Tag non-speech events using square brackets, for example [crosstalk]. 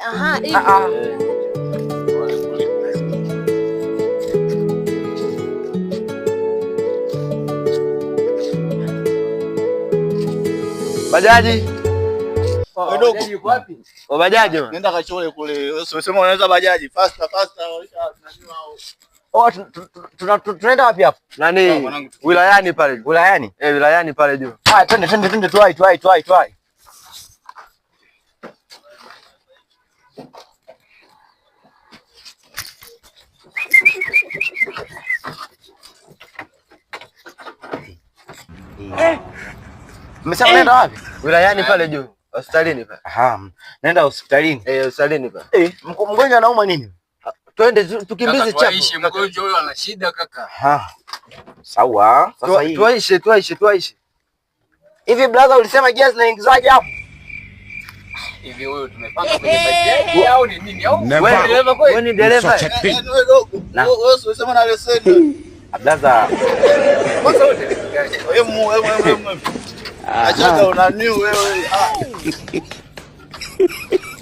Aha, hivi. ah. Bajaji oh, Wa oh, bajaji. Nenda kachole kule. unaweza bajaji. Oh, tunaenda wapi hapo? Nani? Ah, wilayani pale. Wilayani? Eh, wilayani pale juu. Ah, twende twende twende Eh. Mmesema eh. wapi? Wilayani eh. pale juu. Hospitalini pale. Aha. Nenda hospitalini. Eh, hospitalini pale. Eh, mgonjwa anauma nini? Ah, twende tukimbize chapo. Mgonjwa huyo ana shida kaka. Ha. Sawa. Sasa hii. Tuaishe, tuaishe, tuaishe. Hivi brother ulisema gas na zinaingizaje hapo? Hivi huyo tumepata kwenye bajeti au ni nini au? Wewe ni dereva kweli? Wewe ni dereva? Eh, wewe dogo. Wewe usema na leseni. Blaza. Achaga unani wewe. [laughs]